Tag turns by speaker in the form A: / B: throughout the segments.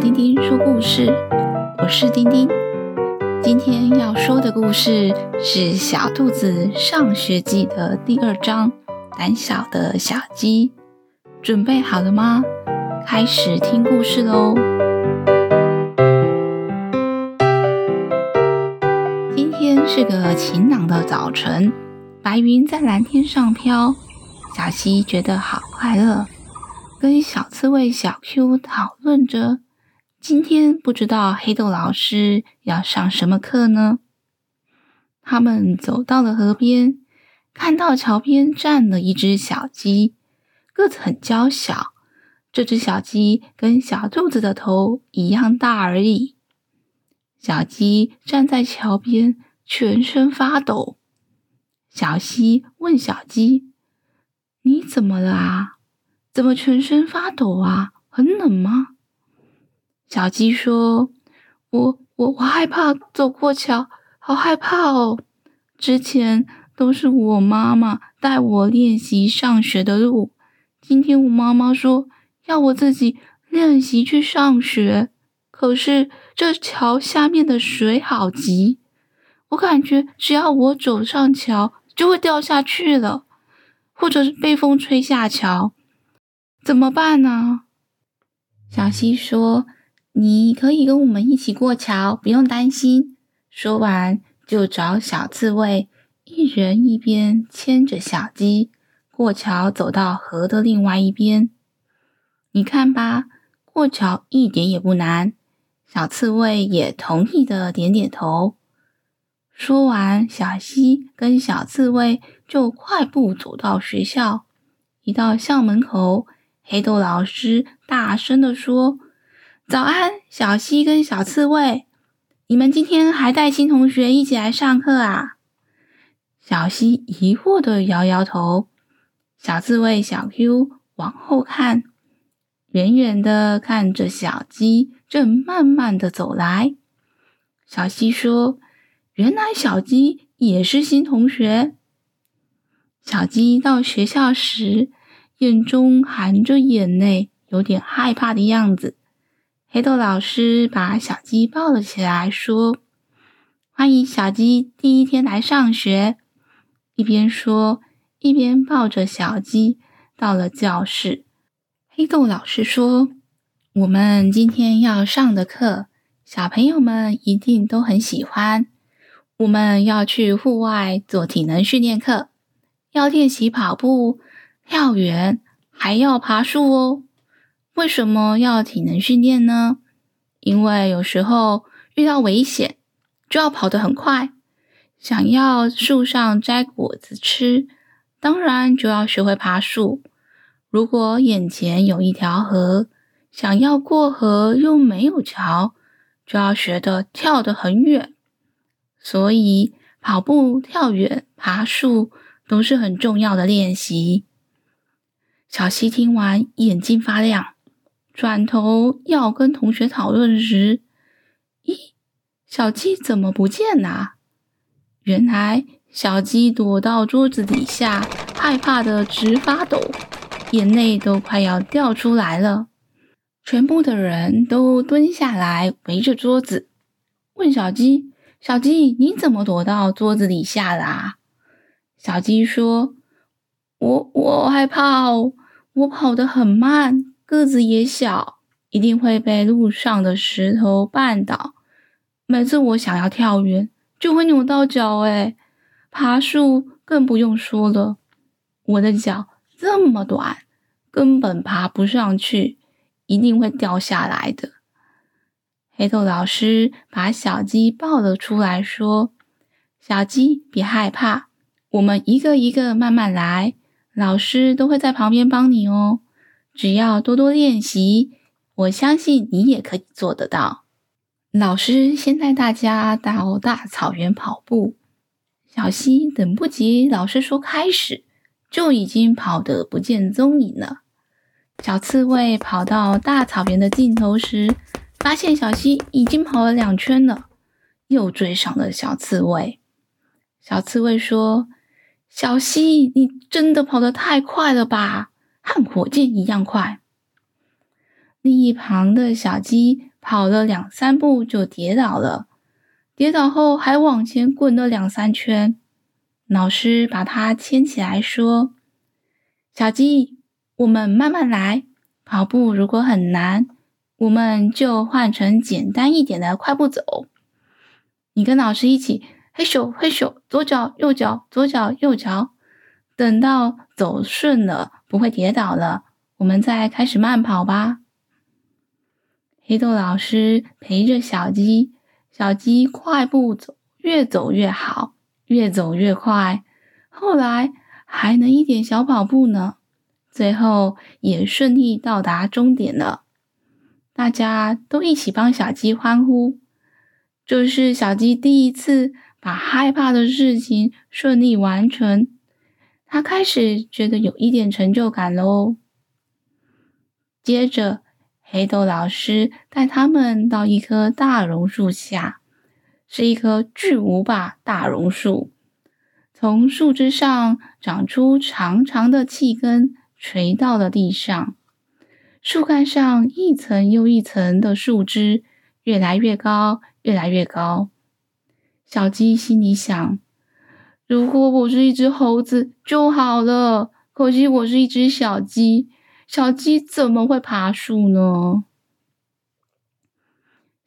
A: 丁丁說故事，我是丁丁。今天要說的故事是《小兔子上學記》的第二章《膽小的小雞》。準備好了嗎？開始聽故事嘍。今天是個晴朗的早晨，白雲在藍天上飄，小溪覺得好快樂，跟小刺蝟小 Q 討論着。今天不知道黑豆老師要上什麼課呢？他們走到了河邊，看到橋邊站了一隻小雞，個子很嬌小。這隻小雞跟小兔子的頭一樣大而已。小雞站在橋邊，全身發抖。小溪問小雞：“你怎麼了啊？怎麼全身發抖啊？很冷嗎？”小雞說：“我我我害怕走過橋，好害怕哦！之前都是我媽媽帶我練習上學的路，今天我媽媽說要我自己練習去上學。可是這橋下面的水好急，我感覺只要我走上橋就會掉下去了，或者是被風吹下橋，怎麼辦呢？”小雞說。你可以跟我們一起過橋，不用擔心。說完，就找小刺蝟，一人一邊牽着小雞，過橋走到河的另外一邊。你看吧，過橋一點也不難。小刺蝟也同意的點點頭。說完，小溪跟小刺蝟就快步走到學校。一到校門口，黑豆老師大聲的說。早安，小西跟小刺蝟，你們今天還帶新同學一起來上課啊？小西疑惑的搖搖頭。小刺蝟小 Q 往後看，遠遠的看着小雞正慢慢的走來。小西說：“原來小雞也是新同學。”小雞到學校時，眼中含着眼淚，有點害怕的樣子。黑豆老師把小雞抱了起來，說：“歡迎小雞第一天來上學。”一邊說，一邊抱着小雞到了教室。黑豆老師說：“我們今天要上的課，小朋友們一定都很喜歡。我們要去戶外做體能訓練課，要練習跑步、跳遠，還要爬樹哦。”為什麼要體能訓練呢？因為有時候遇到危險就要跑得很快，想要樹上摘果子吃，當然就要學會爬樹。如果眼前有一條河，想要過河又沒有橋，就要學得跳得很遠。所以跑步、跳遠、爬樹都是很重要的練習。小溪聽完，眼睛發亮。轉頭要跟同學討論時，咦，小雞怎麼不見啊？原來小雞躲到桌子底下，害怕的直發抖，眼淚都快要掉出來了。全部的人都蹲下來圍着桌子，問小雞：“小雞，你怎麼躲到桌子底下啦？”小雞說：“我我害怕哦，我跑得很慢。”個子也小，一定會被路上的石頭絆倒。每次我想要跳遠，就會扭到腳。哎，誒，爬樹更不用說了，我的腳這麼短，根本爬不上去，一定會掉下來的。黑豆老師把小雞抱了出來，說：“小雞，別害怕，我們一個一個慢慢來，老師都會在旁邊幫你哦。”只要多多練習，我相信你也可以做得到。老師先帶大家到大草原跑步，小西等不及老師說開始，就已經跑得不見蹤影了。小刺蝟跑到大草原的盡頭時，發現小西已經跑了兩圈了，又追上了小刺蝟。小刺蝟說：“小西，你真的跑得太快了吧？”看火箭一樣快。另一旁的小雞跑了兩三步就跌倒了，跌倒後還往前滾了兩三圈。老師把它牽起來說：“小雞，我們慢慢來。跑步如果很難，我們就換成簡單一點的快步走。你跟老師一起，嘿咻嘿咻，左腳右腳，左腳右腳。等到走順了，”不會跌倒了，我們再開始慢跑吧。黑豆老師陪着小雞，小雞快步走，越走越好，越走越快。後來還能一點小跑步呢，最後也順利到達終點了。大家都一起幫小雞歡呼。這是小雞第一次把害怕的事情順利完成。他開始覺得有一點成就感嘍。接着，黑豆老師帶他們到一棵大榕樹下，是一棵巨無霸大榕樹，從樹枝上長出長長的氣根垂到了地上，樹幹上一層又一層的樹枝越來越高，越來越高。小雞心裡想。如果我是一隻猴子就好了，可惜我是一隻小雞。小雞怎麼會爬樹呢？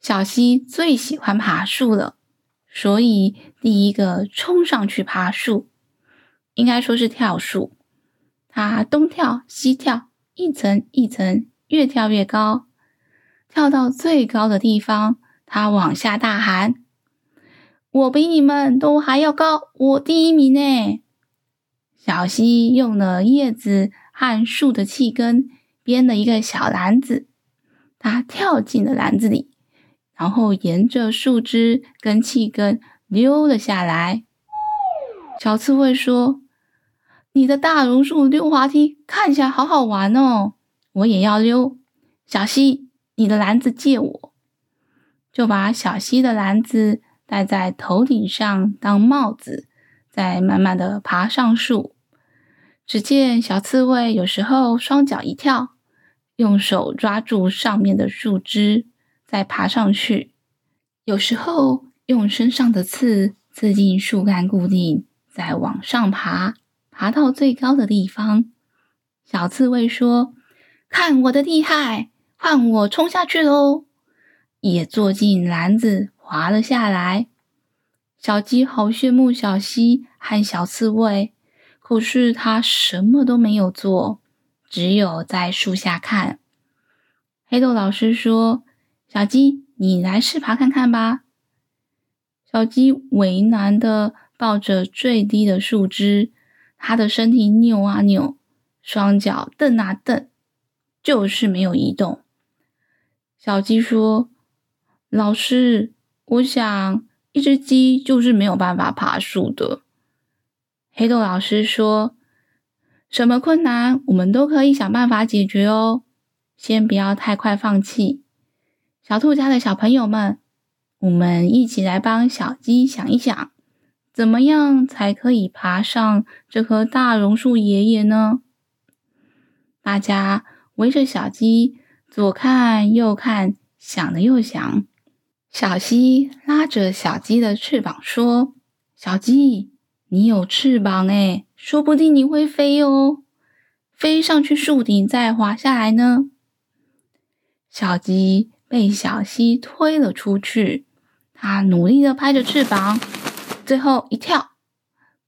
A: 小溪最喜歡爬樹了，所以第一個衝上去爬樹，應該說是跳樹。它東跳西跳，一層一層，一層，越跳越高。跳到最高的地方，它往下大喊。我比你們都還要高，我第一名呢！小溪用了葉子和樹的氣根編了一個小籃子，它跳進了籃子裡，然後沿着樹枝跟氣根溜了下來。小刺蝟說：“你的大榕樹溜滑梯，看起來好好玩哦！我也要溜。”小溪，你的籃子借我，就把小溪的籃子。戴在頭頂上當帽子，再慢慢的爬上樹。只見小刺蝟有時候雙腳一跳，用手抓住上面的樹枝再爬上去；有時候用身上的刺刺進樹幹固定，再往上爬，爬到最高的地方。小刺蝟說：“看我的厲害，換我衝下去嘍！”也坐進籃子。滑了下來。小雞好羨慕小溪和小刺蝟，可是它什麼都沒有做，只有在樹下看。黑豆老師說：“小雞，你來試爬看看吧。”小雞為難地抱着最低的樹枝，它的身體扭啊扭，雙腳蹬啊蹬，就是沒有移動。小雞說：“老師，”我想，一只雞就是沒有辦法爬樹的。黑豆老師說：“什麼困難，我們都可以想辦法解決哦，先不要太快放棄。”小兔家的小朋友們，我們一起來幫小雞想一想，怎麼樣才可以爬上這棵大榕樹爺爺呢？大家圍着小雞，左看右看，想了又想。小溪拉着小雞的翅膀說：“小雞，你有翅膀哎，說不定你會飛哦，飛上去樹頂再滑下來呢。”小雞被小溪推了出去，它努力的拍着翅膀，最後一跳，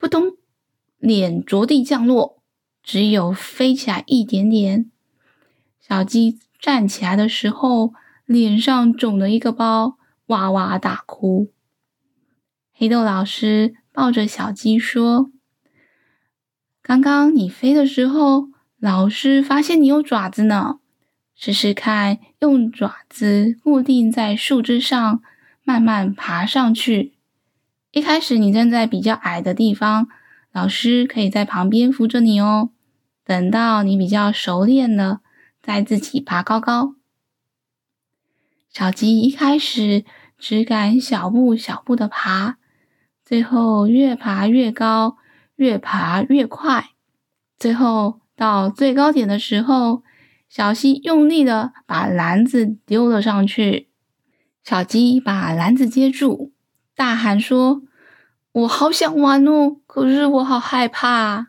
A: 撲通，臉着地降落，只有飛起來一點點。小雞站起來的時候，臉上腫了一個包。哇哇大哭！黑豆老師抱着小雞說：“剛剛你飛的時候，老師發現你有爪子呢。試試看，用爪子固定在樹枝上，慢慢爬上去。一開始你站在比較矮的地方，老師可以在旁邊扶着你哦。等到你比較熟練了，再自己爬高高。”小雞一開始只敢小步小步的爬，最後越爬越高，越爬越快。最後到最高點的時候，小溪用力的把籃子丟了上去。小雞把籃子接住，大喊說：“我好想玩哦，可是我好害怕。”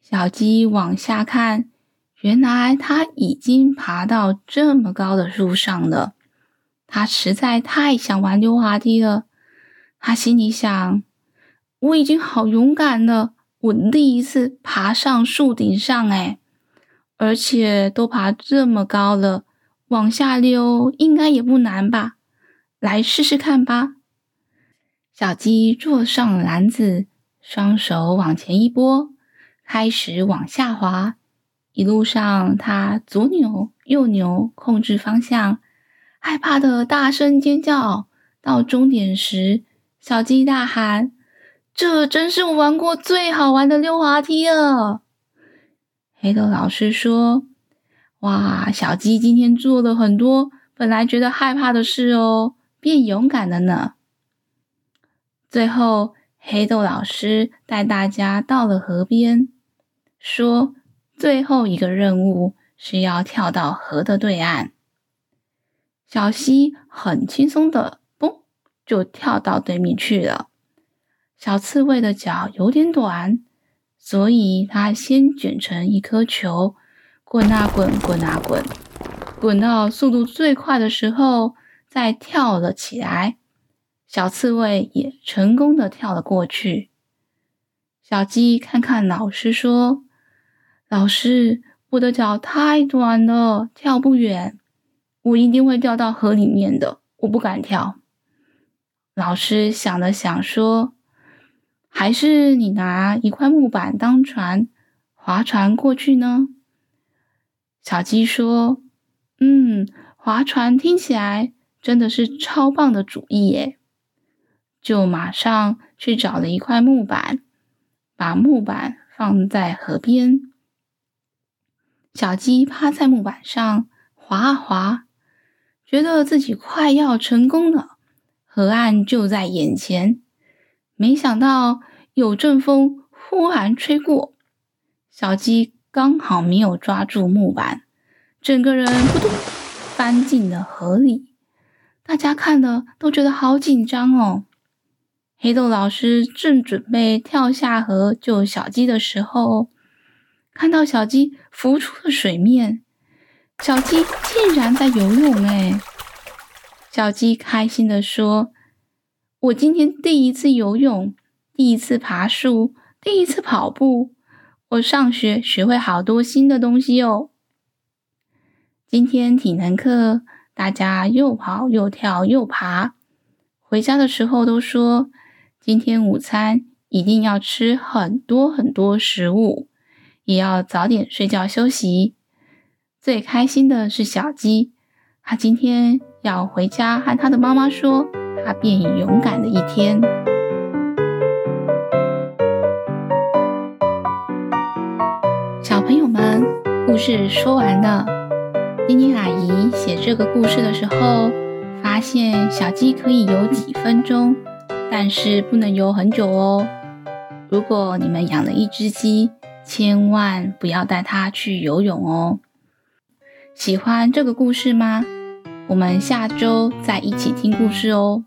A: 小雞往下看。原來他已經爬到這麼高的樹上了。他實在太想玩溜滑梯了。他心裡想：“我已經好勇敢了，我第一次爬上樹頂上哎，而且都爬這麼高了，往下溜應該也不難吧？來試試看吧。”小雞坐上籃子，雙手往前一撥，開始往下滑。一路上，他左扭右扭，控制方向，害怕地大聲尖叫。到終點時，小雞大喊：“這真是我玩過最好玩的溜滑梯了！”黑豆老師說：“哇，小雞今天做了很多本來覺得害怕的事哦，變勇敢了呢。”最後，黑豆老師帶大家到了河邊，說，最後一個任務是要跳到河的對岸。小雞很輕鬆的，嘣就跳到對面去了。小刺蝟的腳有點短，所以它先捲成一顆球，滾啊滾，滾啊滾，滾到速度最快的時候再跳了起來。小刺蝟也成功的跳了過去。小雞看看老師說。老師，我的腳太短了，跳不遠，我一定會掉到河裡面的。我不敢跳。老師想了想說：“還是你拿一塊木板當船，划船過去呢？”小雞說：“嗯，划船聽起來真的是超棒的主意耶！”就馬上去找了一塊木板，把木板放在河邊。小雞趴在木板上滑啊滑，覺得自己快要成功了，河岸就在眼前。沒想到有陣風忽然吹過，小雞剛好沒有抓住木板，整個人撲通翻進了河裡。大家看得都覺得好緊張哦。黑豆老師正準備跳下河救小雞的時候。看到小雞浮出了水面，小雞竟然在游泳誒！誒，小雞開心地說：“我今天第一次游泳，第一次爬樹，第一次跑步。我上學學會好多新的東西喲、哦。今天體能課，大家又跑又跳又爬。回家的時候都說，今天午餐一定要吃很多很多食物。”也要早點睡覺休息。最開心的是小雞，它今天要回家，和它的媽媽說它變勇敢的一天。小朋友們，故事說完了。丁丁阿姨寫這個故事的時候，發現小雞可以游幾分鐘，但是不能游很久哦。如果你們養了一隻雞，千萬不要帶它去游泳哦。喜歡這個故事嗎？我們下周再一起聽故事哦。